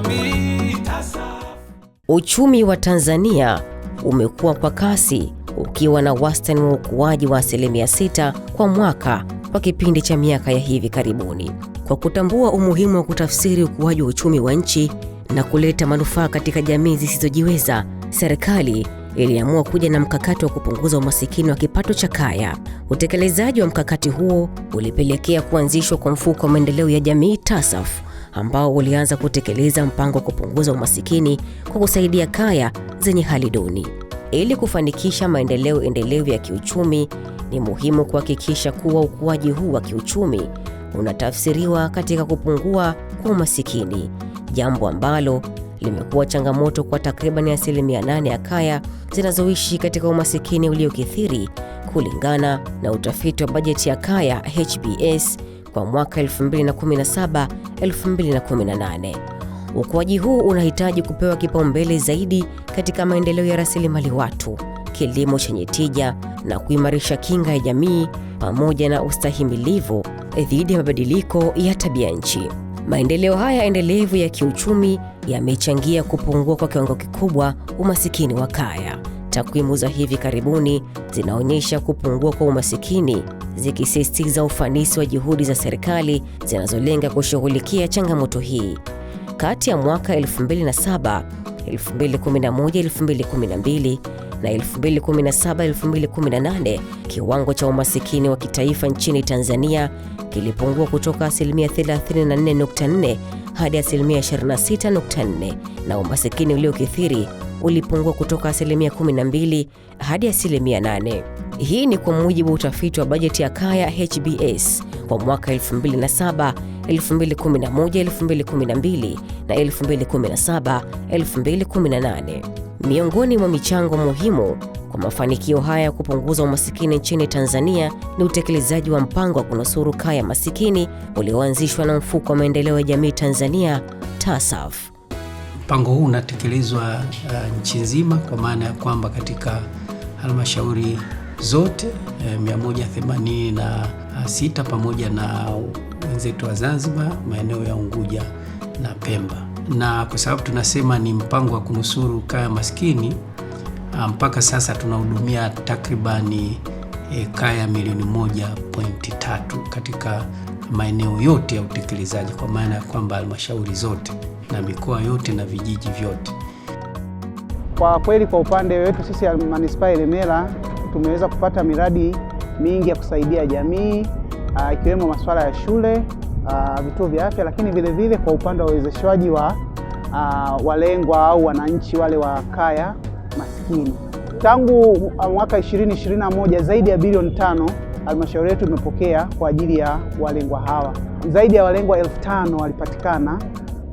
jamii. Uchumi wa Tanzania umekuwa kwa kasi ukiwa na wastani wa ukuaji wa asilimia 6 kwa mwaka kwa kipindi cha miaka ya hivi karibuni. Kwa kutambua umuhimu wa kutafsiri ukuaji wa uchumi wa nchi na kuleta manufaa katika jamii zisizojiweza, serikali iliamua kuja na mkakati wa kupunguza umasikini wa kipato cha kaya. Utekelezaji wa mkakati huo ulipelekea kuanzishwa kwa mfuko wa maendeleo ya jamii TASAF ambao ulianza kutekeleza mpango wa kupunguza umasikini kwa kusaidia kaya zenye hali duni. Ili kufanikisha maendeleo endelevu ya kiuchumi, ni muhimu kuhakikisha kuwa ukuaji huu wa kiuchumi unatafsiriwa katika kupungua kwa umasikini, jambo ambalo limekuwa changamoto kwa takriban asilimia nane ya kaya zinazoishi katika umasikini uliokithiri kulingana na utafiti wa bajeti ya kaya HBS kwa mwaka 2017 2018. Ukuaji huu unahitaji kupewa kipaumbele zaidi katika maendeleo ya rasilimali watu, kilimo chenye tija na kuimarisha kinga ya jamii pamoja na ustahimilivu dhidi ya mabadiliko ya tabia nchi. Maendeleo haya endelevu ya kiuchumi yamechangia kupungua kwa kiwango kikubwa umasikini wa kaya. Takwimu za hivi karibuni zinaonyesha kupungua kwa umasikini, zikisisitiza ufanisi wa juhudi za serikali zinazolenga kushughulikia changamoto hii. Kati ya mwaka 2007, 2011, 2012 na 2017, 2018, kiwango cha umasikini wa kitaifa nchini Tanzania kilipungua kutoka asilimia 34.4 hadi asilimia 26.4 na umasikini uliokithiri ulipungua kutoka asilimia 12 hadi asilimia 8. Hii ni kwa mujibu wa utafiti wa bajeti ya kaya HBS kwa mwaka 2007, 2011, 2012 na 2017, 2018. Miongoni mwa michango muhimu kwa mafanikio haya ya kupunguza umasikini nchini Tanzania ni utekelezaji wa mpango wa kunusuru kaya masikini ulioanzishwa na mfuko wa maendeleo ya jamii Tanzania TASAF. Mpango huu unatekelezwa uh, nchi nzima kwa maana ya kwamba katika halmashauri zote eh, uh, 186 uh, pamoja na wenzetu wa Zanzibar, maeneo ya Unguja na Pemba. Na kwa sababu tunasema ni mpango wa kunusuru kaya maskini, uh, mpaka sasa tunahudumia takribani eh, kaya milioni 1.3 katika maeneo yote ya utekelezaji, kwa maana ya kwamba halmashauri zote na mikoa yote na vijiji vyote. Kwa kweli, kwa upande wetu sisi manispaa ya Ilemela tumeweza kupata miradi mingi ya kusaidia jamii ah, ikiwemo masuala ya shule, ah, vituo vya afya, lakini vilevile vile kwa upande wa uwezeshwaji wa ah, walengwa au wananchi wale wa kaya maskini. Tangu mwaka 2021 zaidi ya bilioni tano halmashauri yetu imepokea kwa ajili ya walengwa hawa. Zaidi ya walengwa elfu tano walipatikana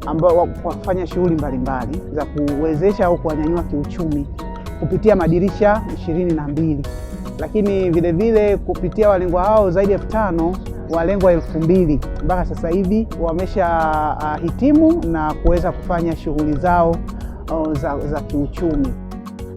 ambao kwa kufanya shughuli mbalimbali za kuwezesha au kuwanyanyua kiuchumi kupitia madirisha ishirini na mbili lakini vilevile kupitia walengwa hao zaidi ya elfu tano walengwa elfu mbili mpaka sasa hivi wameshahitimu ah, na kuweza kufanya shughuli zao oh, za, za kiuchumi.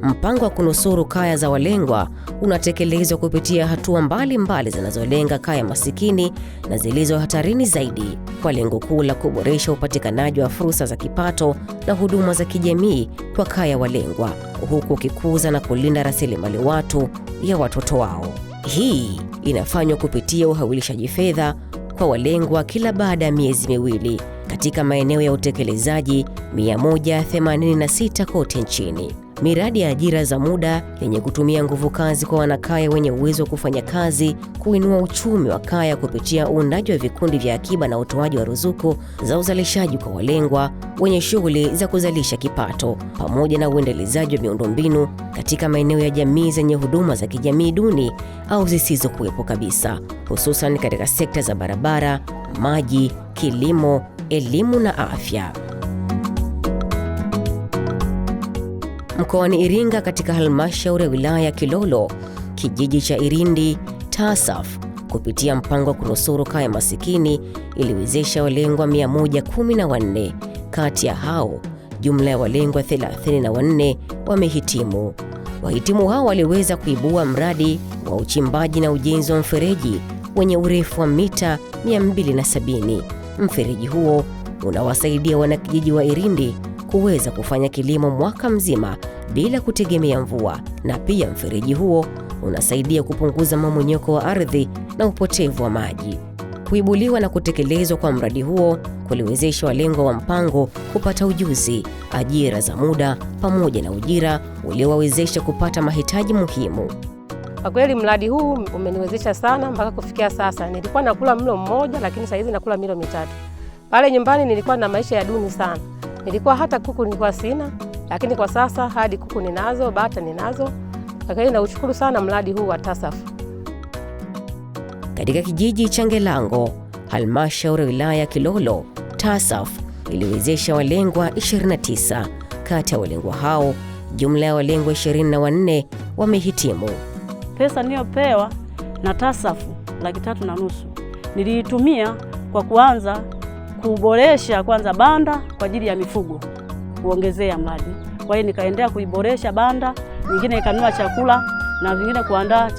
Mpango wa kunusuru kaya za walengwa unatekelezwa kupitia hatua mbalimbali zinazolenga kaya masikini na zilizo hatarini zaidi kwa lengo kuu la kuboresha upatikanaji wa fursa za kipato na huduma za kijamii kwa kaya walengwa, huku ukikuza na kulinda rasilimali watu ya watoto wao. Hii inafanywa kupitia uhawilishaji fedha kwa walengwa kila baada ya miezi miwili katika maeneo ya utekelezaji 186 kote nchini miradi ya ajira za muda yenye kutumia nguvu kazi kwa wanakaya wenye uwezo wa kufanya kazi, kuinua uchumi wa kaya kupitia uundaji wa vikundi vya akiba na utoaji wa ruzuku za uzalishaji kwa walengwa wenye shughuli za kuzalisha kipato, pamoja na uendelezaji wa miundombinu katika maeneo ya jamii zenye huduma za kijamii duni au zisizokuwepo kabisa, hususan katika sekta za barabara, maji, kilimo, elimu na afya. mkoani Iringa katika halmashauri ya wilaya ya Kilolo, kijiji cha Irindi TASAF kupitia mpango wa kunusuru kaya masikini iliwezesha walengwa 114. Kati ya hao jumla ya walengwa 34 wamehitimu. Wahitimu hao waliweza kuibua mradi wa uchimbaji na ujenzi wa mfereji wenye urefu wa mita 270. Mfereji huo unawasaidia wanakijiji wa Irindi kuweza kufanya kilimo mwaka mzima bila kutegemea mvua, na pia mfereji huo unasaidia kupunguza mmomonyoko wa ardhi na upotevu wa maji. Kuibuliwa na kutekelezwa kwa mradi huo kuliwezesha walengwa wa mpango kupata ujuzi, ajira za muda pamoja na ujira uliowawezesha kupata mahitaji muhimu. Kwa kweli mradi huu umeniwezesha sana mpaka kufikia sasa. Nilikuwa nakula mlo mmoja, lakini hivi nakula milo mitatu. Pale nyumbani nilikuwa na maisha ya duni sana, nilikuwa hata kuku nilikuwa sina lakini kwa sasa hadi kuku ninazo, bata ninazo, lakini naushukuru sana mradi huu wa TASAF. Katika kijiji cha Ngelango, halmashauri ya wilaya Kilolo, TASAF iliwezesha walengwa 29. Kati ya walengwa hao, jumla ya walengwa 24 wamehitimu. Pesa niliyopewa na TASAF laki tatu na nusu niliitumia kwa kuanza kuboresha kwanza banda kwa ajili ya mifugo kuongezea mradi kwa hiyo nikaendelea kuiboresha banda nyingine, ikanua chakula na vingine kuandaa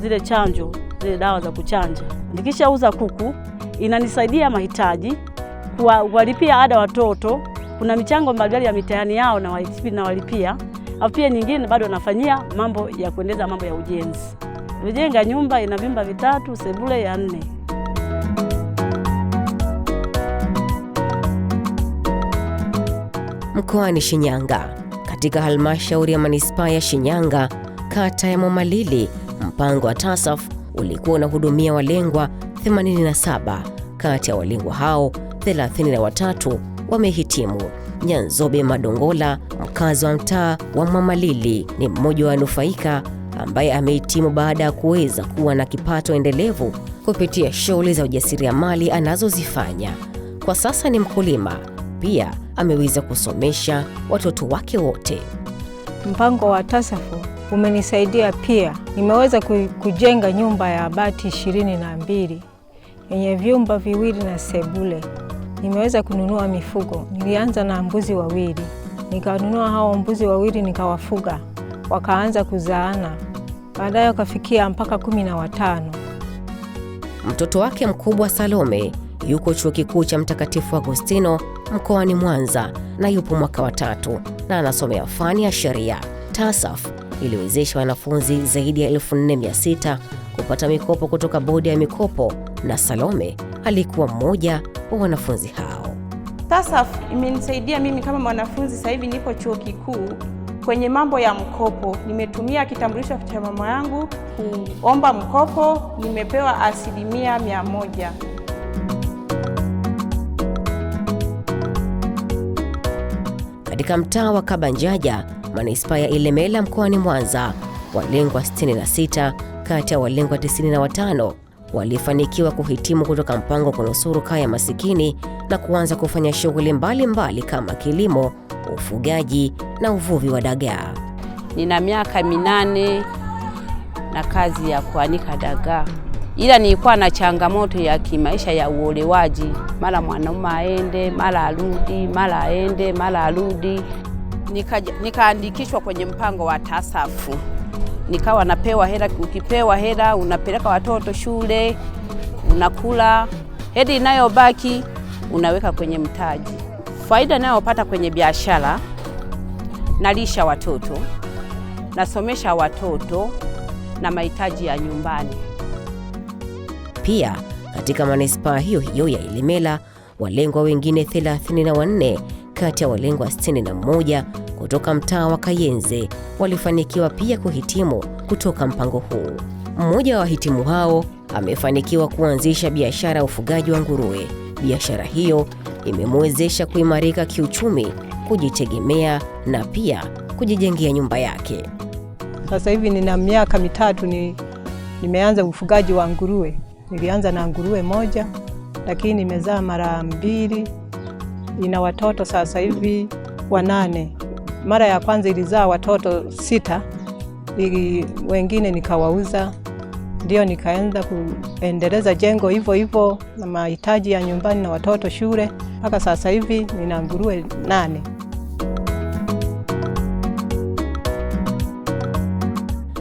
zile chanjo, zile dawa za kuchanja. Nikishauza kuku inanisaidia mahitaji, kuwalipia ada watoto, kuna michango mbalimbali ya mitihani yao na nawalipia, au pia nyingine bado nafanyia mambo ya kuendeleza mambo ya ujenzi. Nimejenga nyumba ina vyumba vitatu, sebule ya nne. mkoani Shinyanga, katika halmashauri ya manispaa ya Shinyanga, kata ya Mwamalili. Mpango wa TASAF ulikuwa unahudumia walengwa 87. Kati ya walengwa hao 33 wamehitimu. Nyanzobe Madongola, mkazi wa mtaa wa Mwamalili, ni mmoja wa wanufaika ambaye amehitimu baada ya kuweza kuwa na kipato endelevu kupitia shughuli za ujasiriamali anazozifanya. Kwa sasa ni mkulima pia ameweza kusomesha watoto wake wote. Mpango wa Tasafu umenisaidia pia, nimeweza kujenga nyumba ya bati ishirini na mbili yenye vyumba viwili na sebule. Nimeweza kununua mifugo, nilianza na mbuzi wawili, nikanunua hao mbuzi wawili nikawafuga, wakaanza kuzaana, baadaye wakafikia mpaka kumi na watano. Mtoto wake mkubwa Salome yuko chuo kikuu cha Mtakatifu Agostino mkoani Mwanza na yupo mwaka wa tatu na anasomea fani ya sheria. TASAF iliwezesha wanafunzi zaidi ya 4600 kupata mikopo kutoka bodi ya mikopo, na Salome alikuwa mmoja wa wanafunzi hao. TASAF imenisaidia mimi kama mwanafunzi, sasa hivi niko chuo kikuu kwenye mambo ya mkopo nimetumia kitambulisho cha mama yangu kuomba mkopo, nimepewa asilimia mia moja. katika mtaa wa Kabanjaja, manispaa ya Ilemela mkoani Mwanza. Walengwa 66 kati ya walengwa 95 walifanikiwa kuhitimu kutoka mpango wa kunusuru kaya masikini na kuanza kufanya shughuli mbalimbali kama kilimo, ufugaji na uvuvi wa dagaa. Nina miaka minane na kazi ya kuanika dagaa ila nilikuwa na changamoto ya kimaisha ya uolewaji, mara mwanaume aende, mara arudi, mara aende, mara arudi. Nikaandikishwa nika kwenye mpango wa tasafu, nikawa napewa hela. Ukipewa hela unapeleka watoto shule, unakula, hedi inayobaki unaweka kwenye mtaji. Faida inayopata kwenye biashara, nalisha watoto, nasomesha watoto na mahitaji ya nyumbani. Pia katika manispaa hiyo hiyo ya Ilemela, walengwa wengine 34 kati ya walengwa 61 kutoka mtaa wa Kayenze walifanikiwa pia kuhitimu kutoka mpango huu. Mmoja wa wahitimu hao amefanikiwa kuanzisha biashara ya ufugaji wa nguruwe. Biashara hiyo imemwezesha kuimarika kiuchumi, kujitegemea na pia kujijengea nyumba yake. Sasa hivi nina miaka mitatu ni, nimeanza ufugaji wa nguruwe Nilianza na nguruwe moja, lakini nimezaa mara mbili, ina watoto sasa hivi wanane. Mara ya kwanza ilizaa watoto sita, ili wengine nikawauza, ndio nikaenza kuendeleza jengo hivyo hivyo na mahitaji ya nyumbani na watoto shule, mpaka sasa hivi nina nguruwe nane.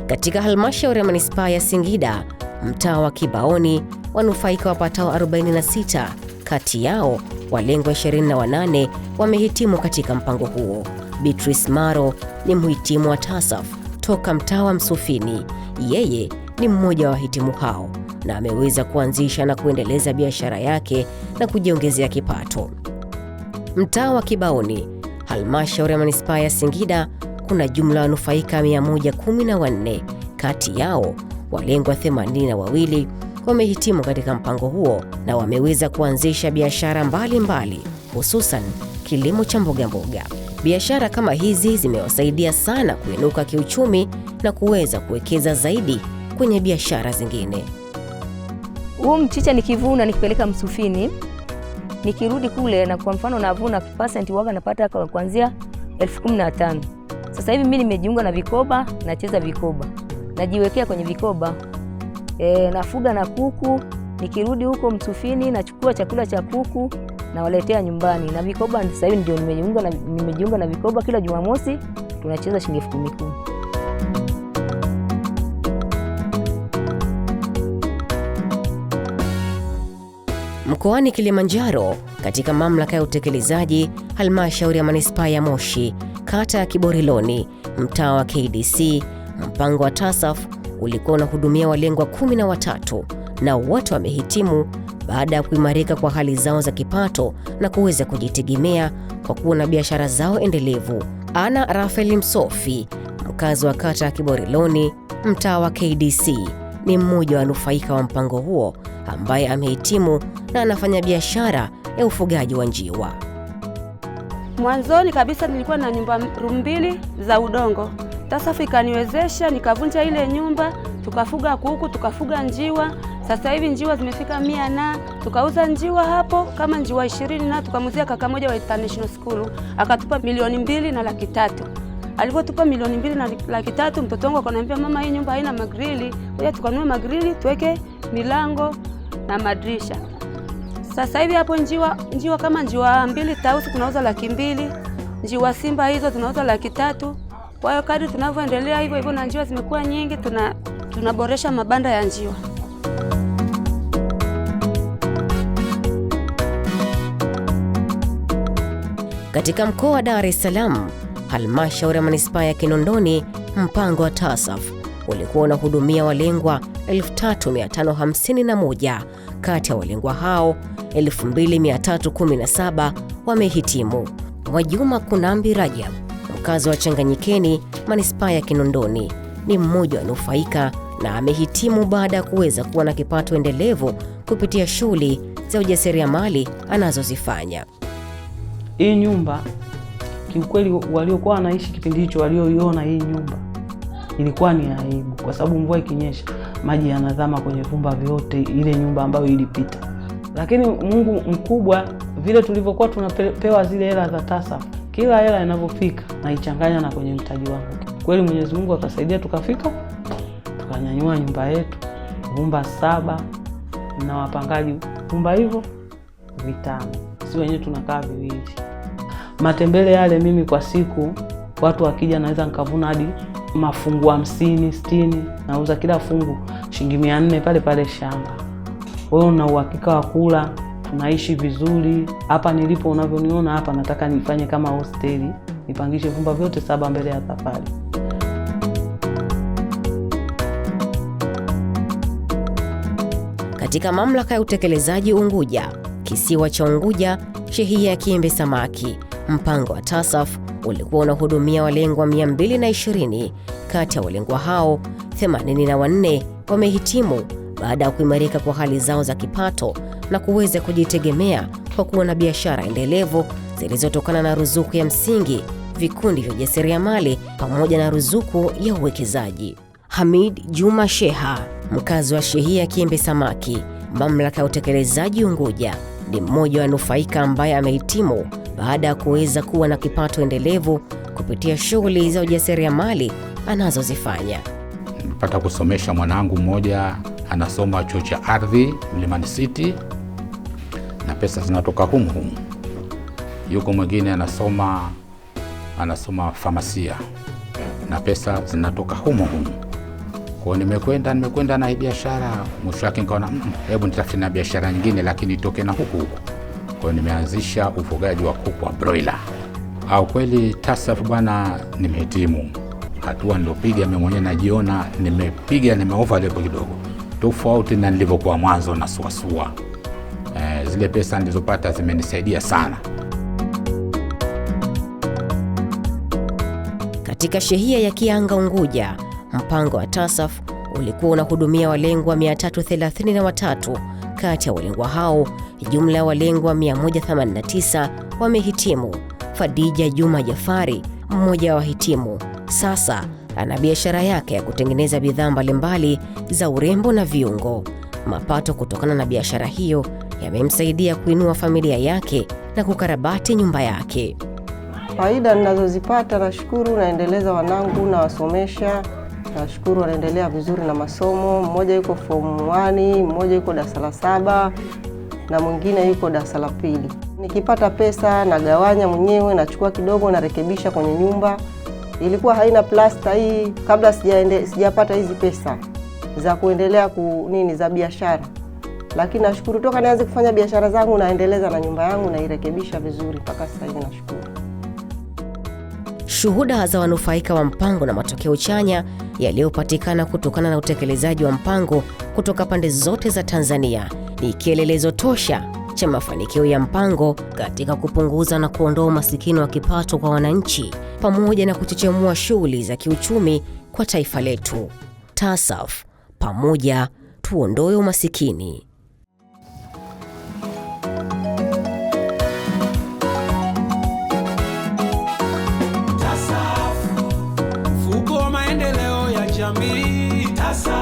Katika halmashauri ya manispaa ya Singida mtaa wa Kibaoni, wanufaika wapatao 46, kati yao walengwa 28 wamehitimu katika mpango huo. Beatrice Maro ni mhitimu wa TASAF toka mtaa wa Msufini. Yeye ni mmoja wa wahitimu hao na ameweza kuanzisha na kuendeleza biashara yake na kujiongezea kipato. Mtaa wa Kibaoni, halmashauri ya manispaa ya Singida, kuna jumla wanufaika 114, kati yao walengwa themanini na wawili wamehitimu katika mpango huo na wameweza kuanzisha biashara mbalimbali, hususan kilimo cha mbogamboga. Biashara kama hizi zimewasaidia sana kuinuka kiuchumi na kuweza kuwekeza zaidi kwenye biashara zingine. Huu mchicha nikivuna nikipeleka msufini, nikirudi kule na kwa mfano navuna percent waga napata kuanzia elfu kumi na tano. Sasa hivi mimi nimejiunga na vikoba, nacheza vikoba najiwekea kwenye vikoba e, nafuga na kuku. Nikirudi huko Msufini nachukua chakula cha kuku nawaletea nyumbani na vikoba. Sasa hivi ndio nimejiunga na, nimejiunga na vikoba. Kila Jumamosi tunacheza shilingi elfu kumi kumi. Mkoani Kilimanjaro, katika mamlaka ya utekelezaji halmashauri ya manispaa ya Moshi, kata ya Kiboriloni, mtaa wa KDC Mpango wa TASAF ulikuwa unahudumia walengwa kumi na watatu na wote wamehitimu baada ya kuimarika kwa hali zao za kipato na kuweza kujitegemea kwa kuwa na biashara zao endelevu. Ana Rafael Msofi, mkazi wa kata ya Kiboriloni, mtaa wa KDC, ni mmoja wa nufaika wa mpango huo ambaye amehitimu na anafanya biashara ya ufugaji wa njiwa. Mwanzoni kabisa nilikuwa na nyumba mbili za udongo TASAFU ikaniwezesha nikavunja ile nyumba, tukafuga kuku, tukafuga njiwa. Sasa hivi njiwa zimefika mia na tukauza njiwa hapo kama njiwa ishirini na tukamuzia kaka moja wa international school akatupa milioni mbili na laki tatu. Alivyotupa milioni mbili na laki tatu, mtoto wangu akaniambia, mama, hii nyumba haina magrili, ngoja tukanunue magrili tuweke milango na madirisha. Sasa hivi hapo njiwa njiwa kama njiwa mbili tausi tunauza laki mbili, njiwa simba hizo tunauza laki tatu. Kwa hiyo kadri tunavyoendelea hivyo hivyo na njiwa zimekuwa nyingi, tuna tunaboresha mabanda ya njiwa. Katika mkoa wa Dar es Salaam, halmashauri ya manispaa ya Kinondoni, mpango wa TASAF ulikuwa unahudumia walengwa 3551 kati ya walengwa hao 2317 wamehitimu. Mwajuma Kunambi Rajab mkazi wa Changanyikeni, manispaa ya Kinondoni, ni mmoja wanufaika na amehitimu baada ya kuweza kuwa na kipato endelevu kupitia shughuli za ujasiriamali anazozifanya. Hii nyumba kiukweli, waliokuwa wanaishi kipindi hicho, walioiona hii nyumba, ilikuwa ni aibu, kwa sababu mvua ikinyesha, maji yanazama kwenye vyumba vyote, ile nyumba ambayo ilipita. Lakini Mungu mkubwa, vile tulivyokuwa tunapewa zile hela za TASAFU kila hela inavyofika naichanganya na kwenye mtaji wangu. Kweli Mwenyezi Mungu akasaidia, tukafika tukanyanyua nyumba yetu vumba saba na wapangaji vumba hivyo vitano, si wenyewe tunakaa viwili. Matembele yale mimi kwa siku watu wakija, naweza nikavuna hadi mafungu hamsini sitini, nauza kila fungu shilingi mia nne pale pale shamba. Wewe una uhakika wa kula naishi vizuri hapa nilipo. Unavyoniona hapa, nataka nifanye kama hosteli, nipangishe vyumba vyote saba mbele ya safari. Katika mamlaka ya utekelezaji Unguja, kisiwa cha Unguja, shehia ya Kiembe Samaki, mpango wa TASAF ulikuwa unahudumia walengwa 220. Kati ya walengwa hao 84 wamehitimu baada ya kuimarika kwa hali zao za kipato na kuweza kujitegemea kwa kuwa na biashara endelevu zilizotokana na ruzuku ya msingi, vikundi vya ujasiriamali pamoja na ruzuku ya uwekezaji. Hamid Juma Sheha, mkazi wa shehia Kiembe Samaki, mamlaka ya utekelezaji Unguja, ni mmoja wa nufaika ambaye amehitimu baada ya kuweza kuwa na kipato endelevu kupitia shughuli za ujasiriamali anazozifanya. Nipata kusomesha mwanangu mmoja, anasoma chuo cha ardhi Mlimani City pesa zinatoka humu humu. Yuko mwingine anasoma anasoma famasia na pesa zinatoka humo humo. Kwa nimekwenda nimekwenda na biashara, mwisho wake nikaona mm, hebu nitafute na biashara nyingine, lakini itoke na huku huku. Kwa nimeanzisha ufugaji wa kuku wa broiler. Au kweli TASAF bwana, nimehitimu hatua nilopiga mimi mwenyewe najiona nimepiga, nimeova level kidogo tofauti na nilivyokuwa mwanzo na suasua zile pesa nilizopata zimenisaidia sana. Katika shehia ya Kianga Unguja, mpango wa TASAF ulikuwa unahudumia walengwa 333. Kati ya walengwa hao, jumla ya walengwa 189 wamehitimu. Fadija Juma Jafari, mmoja wa wahitimu, sasa ana biashara yake ya kutengeneza bidhaa mbalimbali za urembo na viungo. Mapato kutokana na biashara hiyo yamemsaidia kuinua familia yake na kukarabati nyumba yake. Faida ninazozipata nashukuru, naendeleza wanangu, nawasomesha. Nashukuru wanaendelea vizuri na masomo, mmoja yuko form 1, mmoja yuko darasa la saba na mwingine yuko darasa la pili. Nikipata pesa nagawanya mwenyewe, nachukua kidogo, narekebisha kwenye nyumba. Ilikuwa haina plasta hii kabla sijapata hizi pesa za kuendelea ku nini za biashara lakini nashukuru toka nianze kufanya biashara zangu naendeleza na nyumba yangu nairekebisha vizuri mpaka sasa hivi nashukuru. Shuhuda za wanufaika wa mpango na matokeo chanya yaliyopatikana kutokana na utekelezaji wa mpango kutoka pande zote za Tanzania ni kielelezo tosha cha mafanikio ya mpango katika kupunguza na kuondoa umasikini wa kipato kwa wananchi pamoja na kuchechemua shughuli za kiuchumi kwa taifa letu. TASAF pamoja tuondoe umasikini. jamii. Sasa